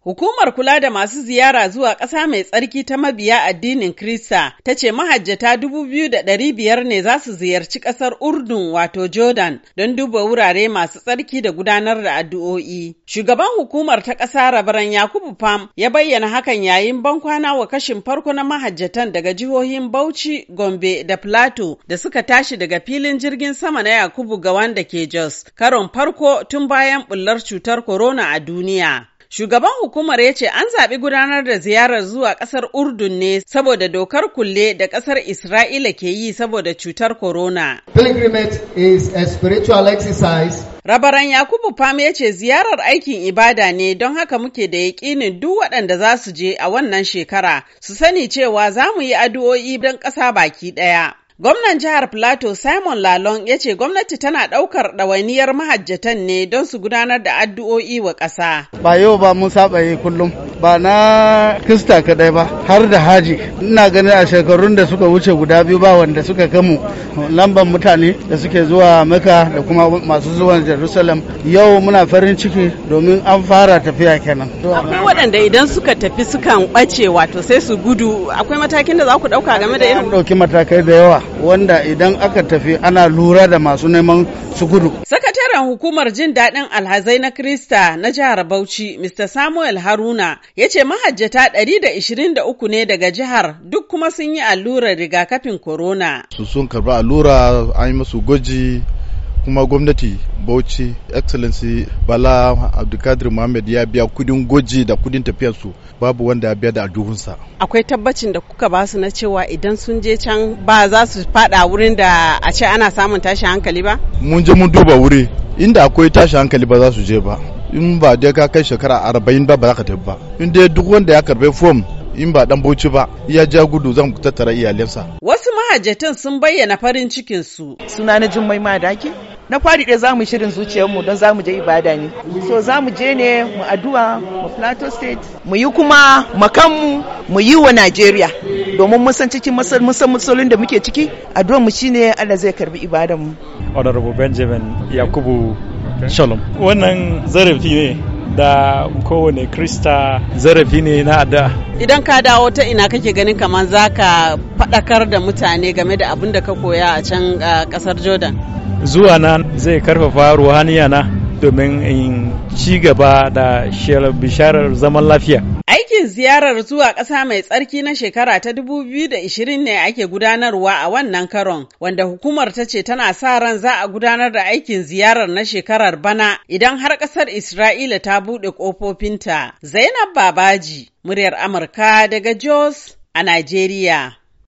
Hukumar kula da masu ziyara zuwa ƙasa mai tsarki ta mabiya addinin Krista ta ce mahajjata biyar ne za su ziyarci ƙasar Urdun wato Jordan don duba wurare masu tsarki da gudanar da addu'o'i. Shugaban hukumar ta ƙasa rabaran Yakubu Pam ya bayyana hakan yayin ban kwana wa kashin farko na mahajjatan daga jihohin Bauchi, Gombe da Plateau da suka tashi daga filin jirgin sama na Yakubu ga wanda ke Jos, karon farko tun bayan bullar cutar corona a duniya. Shugaban hukumar ya ce an zaɓi gudanar da ziyarar zuwa ƙasar Urdun ne saboda dokar kulle da ƙasar Isra'ila ke yi saboda cutar corona. Rabaran Yakubu Fam ya ce ziyarar aikin ibada ne don haka muke da yaƙinin duk waɗanda za su je a wannan shekara su sani cewa za mu yi addu'o'i don ƙasa baki ɗaya. Gwamnan jihar Plateau Simon Lalon ya ce gwamnati tana ɗaukar ɗawainiyar mahajjatan ne don su gudanar da addu'o'i wa ƙasa. Ba yau ba mun saba yi kullum, ba na kista kaɗai ba, har da haji. Ina ganin a shekarun da suka wuce guda biyu ba wanda suka kamu lamban mutane da suke zuwa Mecca da kuma masu zuwa Jerusalem. Yau muna farin ciki domin an fara tafiya kenan. Akwai waɗanda idan suka tafi sukan ɓace wato sai su gudu akwai matakin da za ku ɗauka game da irin? Ɗauki matakai da yawa. wanda idan aka tafi ana lura da masu neman su gudu. Sakataren hukumar jin daɗin alhazai na Krista na jihar Bauchi, Mr. Samuel Haruna, ya ce mahajjata 123 ne daga jihar duk kuma sun yi allurar rigakafin corona. Su sun karɓi allura an yi musu gwaji kuma gwamnati bauchi excellency bala abdulkadir muhammad ya biya kudin goji da kudin tafiyarsu babu wanda ya biya da aduhunsa akwai tabbacin da kuka basu na cewa idan sun je can ba za su fada wurin da a ce ana samun tashi hankali ba mun je mun duba wuri inda akwai tashi hankali ba za su je ba in ba dai ka kai shekara arba'in ba ba za ka tafi ba in dai duk wanda ya karbe fom in ba dan bauchi ba ya ja gudu zan tattara iyalinsa wasu mahajjatan sun bayyana farin cikin su suna na jummai madaki na kwari ɗaya zamu shirin zuciyarmu don zamu je ibada ne so zamu je ne mu addu'a mu plateau state mu yi kuma makanmu mu yi wa najeriya domin mun san cikin musulun da muke ciki addu'ar mu shine allah zai karbi ibadar mu honorable benjamin yakubu shalom wannan zarafi ne da kowane krista zarafi ne na addu'a idan ka dawo ta ina kake ganin kamar zaka ka faɗakar da mutane game da abin da ka koya a can ƙasar jordan zuwa na zai karfafa ruhaniya na domin in ci gaba da bisharar zaman lafiya. Aikin ziyarar zuwa ƙasa mai tsarki na shekara ta 2020 ne ake gudanarwa a wannan karon, wanda hukumar ta ce tana sa ran za a gudanar da aikin ziyarar na shekarar bana idan har ƙasar Isra'ila ta buɗe ƙofofinta. Zainab Babaji, muryar Amurka daga Jos a Najeriya.